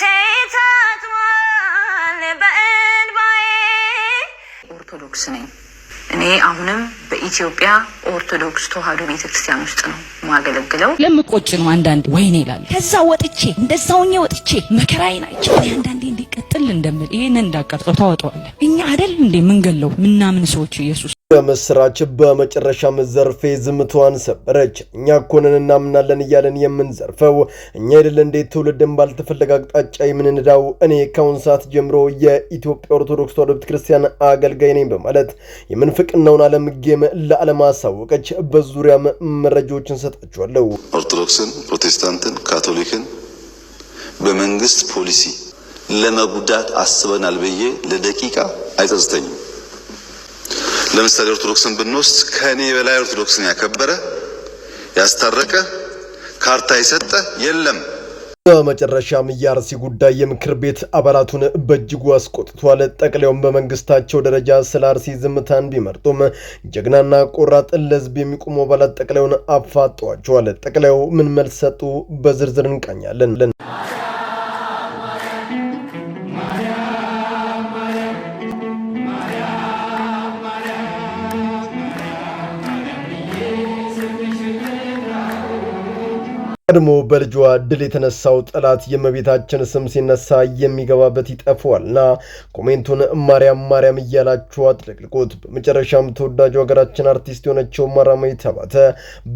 ፊቴ ታጥቧል በእንባዬ። ኦርቶዶክስ ነኝ እኔ አሁንም በኢትዮጵያ ኦርቶዶክስ ተዋህዶ ቤተክርስቲያን ውስጥ ነው ማገለግለው። ለምቆጭ ነው አንዳንዴ ወይኔ ይላል። ከዛ ወጥቼ እንደዛውኛ ወጥቼ መከራዬ ናቸው እኔ አንዳንዴ እንዲቀጥል እንደምል ይህንን እንዳቀርጸው ታወጠዋለን እኛ ገደል እንዴ ምን ገለው ምናምን ሰዎች ኢየሱስ በምስራች በመጨረሻ መዘርፌ ዝምቷን ሰበረች። እኛ ኮንን እናምናለን እያለን የምንዘርፈው እኛ አይደለ እንዴት? ትውልድን ባልተፈለገ አቅጣጫ የምንንዳው። እኔ ከአሁን ሰዓት ጀምሮ የኢትዮጵያ ኦርቶዶክስ ተዋሕዶ ቤተክርስቲያን አገልጋይ ነኝ በማለት የምንፍቅናውን ዓለም ጌም ለዓለም አሳወቀች። በዙሪያም መረጃዎችን ሰጣችኋለሁ። ኦርቶዶክስን፣ ፕሮቴስታንትን፣ ካቶሊክን በመንግስት ፖሊሲ ለመጉዳት አስበናል ብዬ ለደቂቃ አይጸጽተኝም። ለምሳሌ ኦርቶዶክስን ብንወስድ ከእኔ በላይ ኦርቶዶክስን ያከበረ ያስታረቀ ካርታ የሰጠ የለም። በመጨረሻም የአርሲ ጉዳይ የምክር ቤት አባላቱን በእጅጉ አስቆጥቷል። ጠቅላዩም በመንግስታቸው ደረጃ ስለ አርሲ ዝምታን ቢመርጡም ጀግናና ቆራጥ ለህዝብ የሚቆሙ አባላት ጠቅላዩን አፋጠዋቸዋል ጠቅላዩ ምን መልስ ሰጡ? በዝርዝር እንቃኛለን። ቀድሞ በልጇ ድል የተነሳው ጠላት የእመቤታችን ስም ሲነሳ የሚገባበት ይጠፋዋልና ኮሜንቱን ማርያም ማርያም እያላችሁ አጥለቅልቁት። በመጨረሻም ተወዳጁ ሀገራችን አርቲስት የሆነችው ማራማዊት አባተ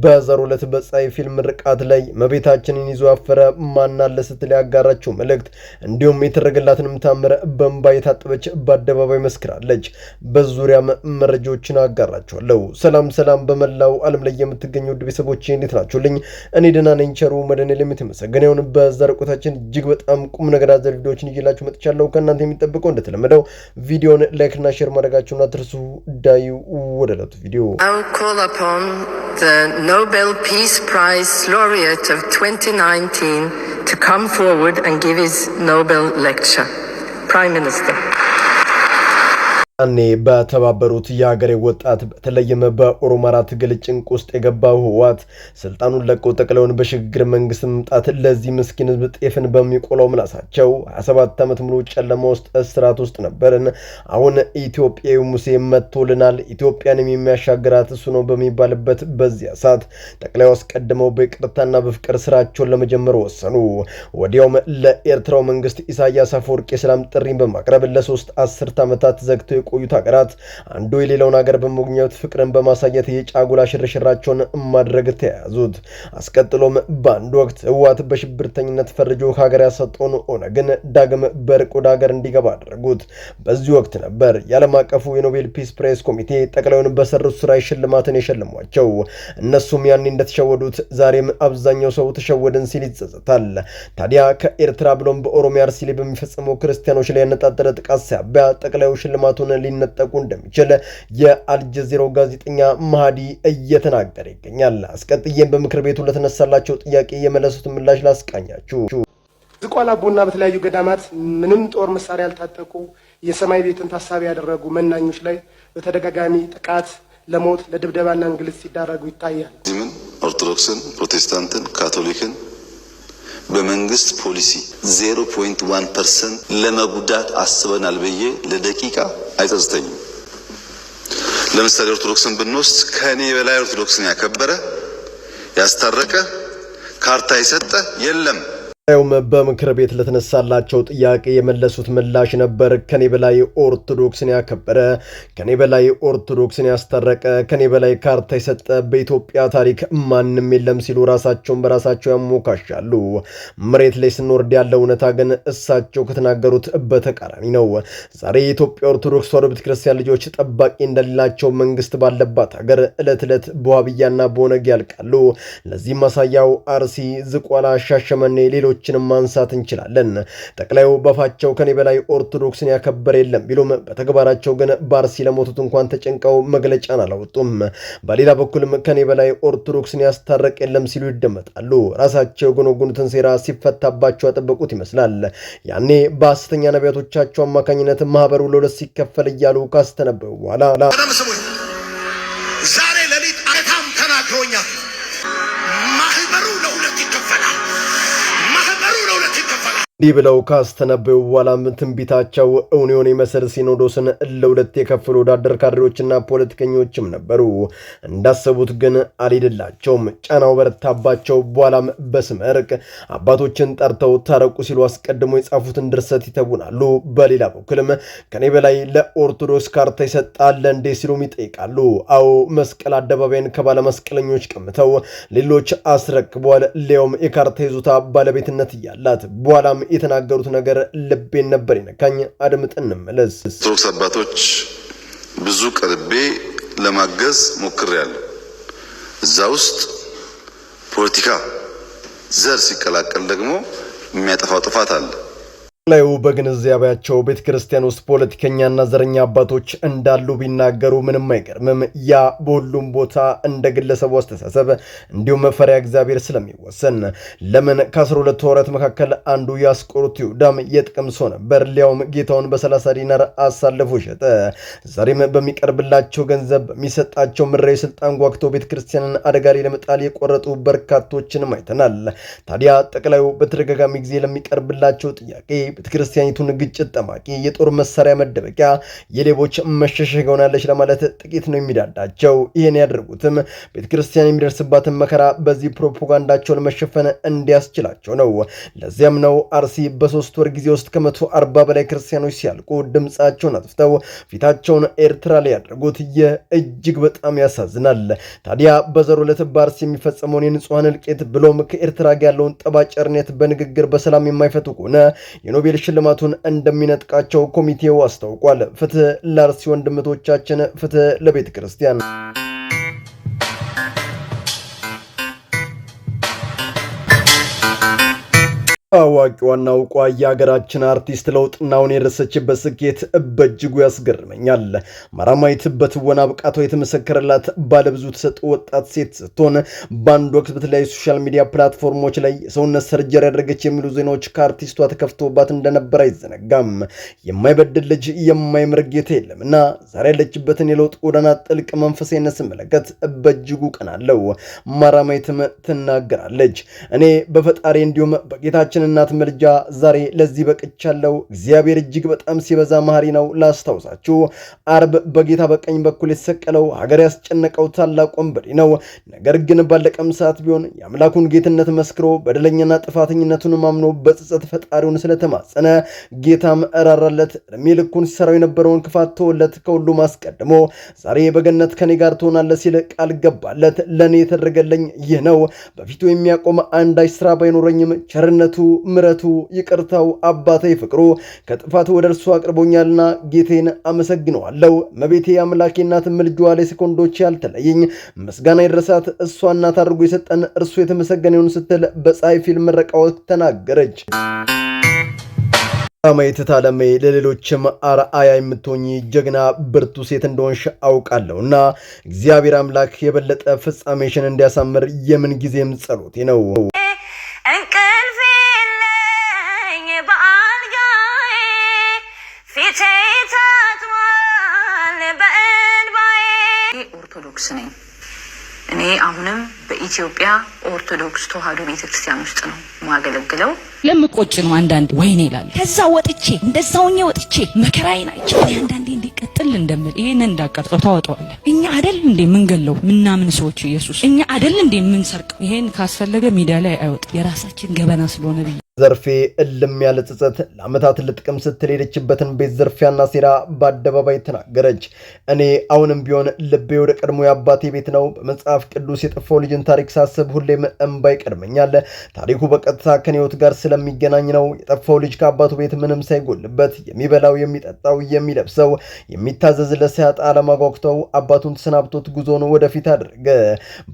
በዛሬው ዕለት በፀሐይ ፊልም ርቃት ላይ እመቤታችንን ይዞ ያፈረ ማናለ ስትል ያጋራችው መልእክት እንዲሁም የተደረገላትንም ታምር በእንባ የታጠበች በአደባባይ መስክራለች። በዙሪያም መረጃዎችን አጋራችኋለሁ። ሰላም ሰላም፣ በመላው ዓለም ላይ የምትገኙ ውድ ቤተሰቦች እንዴት ናችሁልኝ? እኔ ደህና ነኝ። ቸሩ መድኃኔዓለም የተመሰገነ ይሁን። በዛሬው ቆይታችን እጅግ በጣም ቁም ነገር አዘል ቪዲዮዎችን ይዤላችሁ መጥቻለሁ። ከእናንተ የሚጠብቀው እንደተለመደው ቪዲዮን ላይክና ሼር ማድረጋችሁን አትርሱ። ዳዩ ወደ ዕለቱ ቪዲዮ ፕራይም ያኔ በተባበሩት የሀገሬ ወጣት በተለይም በኦሮማራ ትግል ጭንቅ ውስጥ የገባው ህወሓት ስልጣኑን ለቀው ጠቅለውን በሽግግር መንግስት መምጣት ለዚህ ምስኪን ህዝብ ጤፍን በሚቆላው ምላሳቸው 27 ዓመት ሙሉ ጨለማ ውስጥ እስራት ውስጥ ነበርን። አሁን ኢትዮጵያዊ ሙሴ መጥቶልናል፣ ኢትዮጵያንም የሚያሻግራት እሱ ነው በሚባልበት በዚያ ሰዓት ጠቅላዩ አስቀድመው በይቅርታና በፍቅር ስራቸውን ለመጀመር ወሰኑ። ወዲያውም ለኤርትራው መንግስት ኢሳያስ አፈወርቂ የሰላም ጥሪን በማቅረብ ለሶስት አስርት ዓመታት ዘግተው ከቆዩት ሀገራት አንዱ የሌላውን ሀገር በመጉኘት ፍቅርን በማሳየት የጫጉላ ሽርሽራቸውን ማድረግ ተያያዙት። አስቀጥሎም በአንድ ወቅት ህወሓት በሽብርተኝነት ፈርጆ ከሀገር ያሰጠውን ኦነግን ዳግም በርቅ ወደ ሀገር እንዲገባ አደረጉት። በዚህ ወቅት ነበር የዓለም አቀፉ የኖቤል ፒስ ፕሬስ ኮሚቴ ጠቅላዩን በሰሩት ስራ ሽልማትን የሸልሟቸው እነሱም ያኔ እንደተሸወዱት ዛሬም አብዛኛው ሰው ተሸወድን ሲል ይጸጸታል። ታዲያ ከኤርትራ ብሎም በኦሮሚያ አርሲ ላይ ክርስቲያኖች ላይ ያነጣጠረ ጥቃት ሳቢያ ጠቅላዩ ሽልማቱን ሊነጠቁ እንደሚችል የአልጀዚራው ጋዜጠኛ ማህዲ እየተናገረ ይገኛል። አስቀጥዬም በምክር ቤቱ ለተነሳላቸው ጥያቄ የመለሱት ምላሽ ላስቃኛችሁ። ዝቋላ ቡና በተለያዩ ገዳማት ምንም ጦር መሳሪያ ያልታጠቁ የሰማይ ቤትን ታሳቢ ያደረጉ መናኞች ላይ በተደጋጋሚ ጥቃት ለሞት ለድብደባና እንግልት ሲዳረጉ ይታያል። ኦርቶዶክስን፣ ፕሮቴስታንትን፣ ካቶሊክን በመንግስት ፖሊሲ 0.1 ፐርሰንት ለመጉዳት አስበናል ብዬ ለደቂቃ አይጸጽተኝም። ለምሳሌ ኦርቶዶክስን ብንወስድ ከእኔ በላይ ኦርቶዶክስን ያከበረ ያስታረቀ ካርታ የሰጠ የለም። ጉዳዩም በምክር ቤት ለተነሳላቸው ጥያቄ የመለሱት ምላሽ ነበር። ከኔ በላይ ኦርቶዶክስን ያከበረ፣ ከኔ በላይ ኦርቶዶክስን ያስታረቀ፣ ከኔ በላይ ካርታ የሰጠ በኢትዮጵያ ታሪክ ማንም የለም ሲሉ ራሳቸውን በራሳቸው ያሞካሻሉ። መሬት ላይ ስንወርድ ያለው እውነታ ግን እሳቸው ከተናገሩት በተቃራኒ ነው። ዛሬ የኢትዮጵያ ኦርቶዶክስ ተዋሕዶ ቤተክርስቲያን ልጆች ጠባቂ እንደሌላቸው መንግስት ባለባት ሀገር ዕለት ዕለት በዋብያና በኦነግ ያልቃሉ። ለዚህ ማሳያው አርሲ፣ ዝቋላ፣ ሻሸመኔ ሌሎች ሌሎችን ማንሳት እንችላለን። ጠቅላዩ በፋቸው ከኔ በላይ ኦርቶዶክስን ያከበር የለም ቢሉም በተግባራቸው ግን ባርሲ ለሞቱት እንኳን ተጨንቀው መግለጫን አላወጡም። በሌላ በኩልም ከኔ በላይ ኦርቶዶክስን ያስታረቅ የለም ሲሉ ይደመጣሉ። ራሳቸው የጎነጎኑትን ሴራ ሲፈታባቸው ያጠበቁት ይመስላል። ያኔ በሐሰተኛ ነቢያቶቻቸው አማካኝነት ማህበሩ ለሁለት ሲከፈል እያሉ ካስተነበዩ በኋላ እንዲህ ብለው ካስተነበዩ በኋላም ትንቢታቸው እውኒዮን የመሰል ሲኖዶስን ለሁለት የከፍሉ ወዳደር ካድሬዎችና ፖለቲከኞችም ነበሩ። እንዳሰቡት ግን አልሄደላቸውም። ጫናው በረታባቸው። በኋላም በስመርቅ አባቶችን ጠርተው ታረቁ ሲሉ አስቀድሞ የጻፉትን ድርሰት ይተውናሉ። በሌላ በኩልም ከኔ በላይ ለኦርቶዶክስ ካርታ ይሰጣለ እንዴ ሲሉም ይጠይቃሉ። አዎ መስቀል አደባባይን ከባለመስቀለኞች ቀምተው ሌሎች አስረክቧል። ሊያውም የካርታ ይዞታ ባለቤትነት እያላት በኋላም የተናገሩት ነገር ልቤን ነበር ይነካኝ። አድምጥ እንመለስ። ኦርቶዶክስ አባቶች ብዙ ቀርቤ ለማገዝ ሞክሬያለሁ። እዛ ውስጥ ፖለቲካ ዘር ሲቀላቀል ደግሞ የሚያጠፋው ጥፋት አለ። ላዩ በግንዛቤያቸው ቤተ ክርስቲያን ውስጥ ፖለቲከኛና ዘረኛ አባቶች እንዳሉ ቢናገሩ ምንም አይገርምም። ያ በሁሉም ቦታ እንደ ግለሰቡ አስተሳሰብ እንዲሁም መፈሪያ እግዚአብሔር ስለሚወሰን ለምን ከአስራ ሁለት ሐዋርያት መካከል አንዱ የአስቆሮቱ ይሁዳም የጥቅም ሰው ነበር። ሊያውም ጌታውን በሰላሳ ዲናር አሳልፎ ሸጠ። ዛሬም በሚቀርብላቸው ገንዘብ በሚሰጣቸው ምድራዊ ስልጣን ጓግቶ ቤተ ክርስቲያንን አደጋ ላይ ለመጣል የቆረጡ በርካቶችንም አይተናል። ታዲያ ጠቅላዩ በተደጋጋሚ ጊዜ ለሚቀርብላቸው ጥያቄ ቤተክርስቲያኒቱን ግጭት ጠማቂ የጦር መሳሪያ መደበቂያ የሌቦች መሸሸግ ሆናለች ለማለት ጥቂት ነው የሚዳዳቸው። ይህን ያደርጉትም ቤተክርስቲያን የሚደርስባትን መከራ በዚህ ፕሮፓጋንዳቸውን መሸፈን እንዲያስችላቸው ነው። ለዚያም ነው አርሲ በሶስት ወር ጊዜ ውስጥ ከመቶ አርባ በላይ ክርስቲያኖች ሲያልቁ ድምፃቸውን አጥፍተው ፊታቸውን ኤርትራ ላይ ያደርጉት። የእጅግ በጣም ያሳዝናል። ታዲያ በዘሮ ዕለት በአርሲ የሚፈጸመውን የንጹሐን እልቂት ብሎም ከኤርትራ ጋር ያለውን ጠባጫሪነት በንግግር በሰላም የማይፈቱ ከሆነ የኖቤል ሽልማቱን እንደሚነጥቃቸው ኮሚቴው አስታውቋል። ፍትህ ለአርሲ ወንድምቶቻችን፣ ፍትህ ለቤተ ክርስቲያን። ዋና አውቋ የሀገራችን አርቲስት ለውጥናውን የደረሰችበት ስኬት በእጅጉ ያስገርመኛል። ማራማዊት በትወና ብቃቷ የተመሰከረላት ባለብዙ ተሰጥኦ ወጣት ሴት ስትሆን በአንድ ወቅት በተለያዩ ሶሻል ሚዲያ ፕላትፎርሞች ላይ የሰውነት ሰርጀሪ ያደረገች የሚሉ ዜናዎች ከአርቲስቷ ተከፍቶባት እንደነበር አይዘነጋም። የማይበድል ልጅ የማይምር ጌታ እና ዛሬ ያለችበትን የለውጥ ጎዳና ጥልቅ መንፈሳዊነት ስመለከት በእጅጉ ቀናለው። ማራማዊትም ትናገራለች እኔ በፈጣሪ እንዲሁም በጌታችን የልጃችን እናት ምልጃ ዛሬ ለዚህ በቅቻለሁ። እግዚአብሔር እጅግ በጣም ሲበዛ መሐሪ ነው። ላስታውሳችሁ አርብ በጌታ በቀኝ በኩል የተሰቀለው ሀገር ያስጨነቀው ታላቅ ወንበዴ ነው። ነገር ግን ባለቀም ሰዓት ቢሆን የአምላኩን ጌትነት መስክሮ በደለኛና ጥፋተኝነቱን ማምኖ በጸጸት ፈጣሪውን ስለተማጸነ ጌታም እራራለት። እድሜ ልኩን ሲሰራው የነበረውን ክፋት ተወለት። ከሁሉም አስቀድሞ ዛሬ በገነት ከኔ ጋር ትሆናለ ሲል ቃል ገባለት። ለእኔ የተደረገለኝ ይህ ነው። በፊቱ የሚያቆም አንዳች ስራ ባይኖረኝም ቸርነቱ ምረቱ፣ ይቅርታው፣ አባታዊ ፍቅሩ ከጥፋት ወደ እርሱ አቅርቦኛልና ጌቴን አመሰግነዋለሁ። መቤቴ አምላኬ እናት ምልጇ ላይ ሴኮንዶች ያልተለይኝ ምስጋና የደረሳት እሷ እናት አድርጎ የሰጠን እርሱ የተመሰገነ ይሁን ስትል በፀሐይ ፊልም ምረቃው ተናገረች። ማየት አለሜ ለሌሎችም አርአያ የምትሆኝ ጀግና ብርቱ ሴት እንደሆንሽ አውቃለሁና እግዚአብሔር አምላክ የበለጠ ፍጻሜሽን እንዲያሳምር የምን ጊዜም ጸሎቴ ነው። ኦርቶዶክስ ነኝ። እኔ አሁንም በኢትዮጵያ ኦርቶዶክስ ተዋህዶ ቤተክርስቲያን ውስጥ ነው ማገለግለው። ለምቆጭ ነው አንዳንዴ ወይኔ ይላል። ከዛ ወጥቼ እንደዛውኝ ወጥቼ መከራዬ ናቸው አንዳንዴ እንዲቀጥል እንደምል ይህንን እንዳቀርጸው ታወጠዋለ እኛ አደል እንዴ የምንገለው ምናምን ሰዎች ኢየሱስ እኛ አደል እንዴ ምንሰርቀው? ይሄን ካስፈለገ ሚዲያ ላይ አይወጥ የራሳችን ገበና ስለሆነ ብዬ ዘርፌ እልም ያለ ጸጸት ለዓመታት ልጥቅም ስትል ሄደችበትን ቤት ዘርፊያና ሴራ በአደባባይ ተናገረች። እኔ አሁንም ቢሆን ልቤ ወደ ቀድሞ የአባቴ ቤት ነው። በመጽሐፍ ቅዱስ የጠፋው ልጅን ታሪክ ሳስብ ሁሌም እምባ ይቀድመኛል። ታሪኩ በቀጥታ ከኔዎት ጋር ስለሚገናኝ ነው። የጠፋው ልጅ ከአባቱ ቤት ምንም ሳይጎልበት የሚበላው፣ የሚጠጣው፣ የሚለብሰው፣ የሚታዘዝለት ሳያጣ አለማጓጉተው አባቱን ተሰናብቶት ጉዞን ወደፊት አደረገ።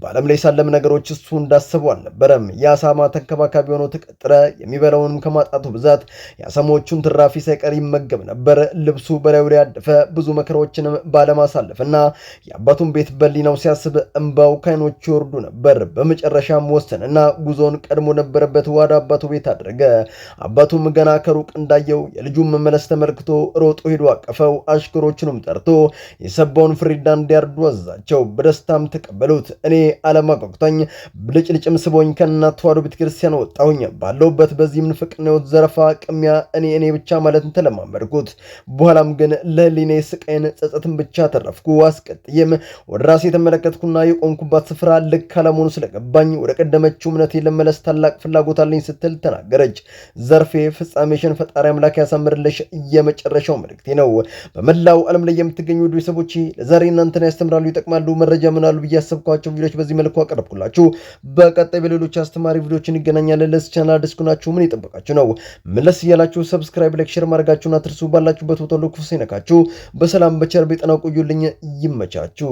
በዓለም ላይ ሳለም ነገሮች እሱ እንዳሰቡ አልነበረም። የአሳማ ተንከባካቢ ሆኖ ተቀጥረ የሚበላውንም ከማጣቱ ብዛት የአሳማዎቹን ትራፊ ሳይቀር ይመገብ ነበር። ልብሱ በላዩ ላይ ያደፈ ብዙ መከራዎችንም ባለማሳለፍና የአባቱን ቤት በሊናው ሲያስብ እምባው ከአይኖቹ ይወርዱ ነበር። በመጨረሻም ወሰንና ጉዞውን ቀድሞ ነበረበት ወደ አባቱ ቤት አድረገ። አባቱም ገና ከሩቅ እንዳየው የልጁን መመለስ ተመልክቶ ሮጦ ሄዶ አቀፈው። አሽከሮቹንም ጠርቶ የሰባውን ፍሪዳ እንዲያርዱ አዛቸው። በደስታም ተቀበሉት። እኔ አለማቋቁተኝ ብልጭልጭም ስቦኝ ከእናት ተዋሕዶ ቤተክርስቲያን ወጣሁኝ ባለውበት በዚህ ምንፍቅና ዘረፋ፣ ቅሚያ፣ እኔ እኔ ብቻ ማለትን ተለማመድኩት። በኋላም ግን ለህሊኔ ስቃይን ጸጸትን ብቻ ተረፍኩ። አስቀጥዬም ወደ ራሴ የተመለከትኩና የቆምኩባት ስፍራ ልክ አለመሆኑ ስለገባኝ ወደ ቀደመችው እምነቴ ለመለስ ታላቅ ፍላጎት አለኝ ስትል ተናገረች። ዘርፌ ፍጻሜሽን ፈጣሪ አምላክ ያሳምርልሽ የመጨረሻው መልእክቴ ነው። በመላው ዓለም ላይ የምትገኙ ውድ ቤተሰቦቼ ለዛሬ እናንተን ያስተምራሉ፣ ይጠቅማሉ፣ መረጃ ምናሉ ብዬ ያሰብኳቸው ቪዲዮዎች በዚህ መልኩ አቀረብኩላችሁ። በቀጣይ በሌሎች አስተማሪ ቪዲዮችን እንገናኛለን ለስ ቻናል አዲስ ሰላማችሁ ምን የጠበቃችሁ ነው? መለስ እያላችሁ ሰብስክራይብ፣ ላይክ፣ ሼር ማድረጋችሁን አትርሱ። ባላችሁበት ቦታ ሁሉ ክፉ ሳይነካችሁ በሰላም በቸር በጤና ቆዩልኝ። ይመቻችሁ።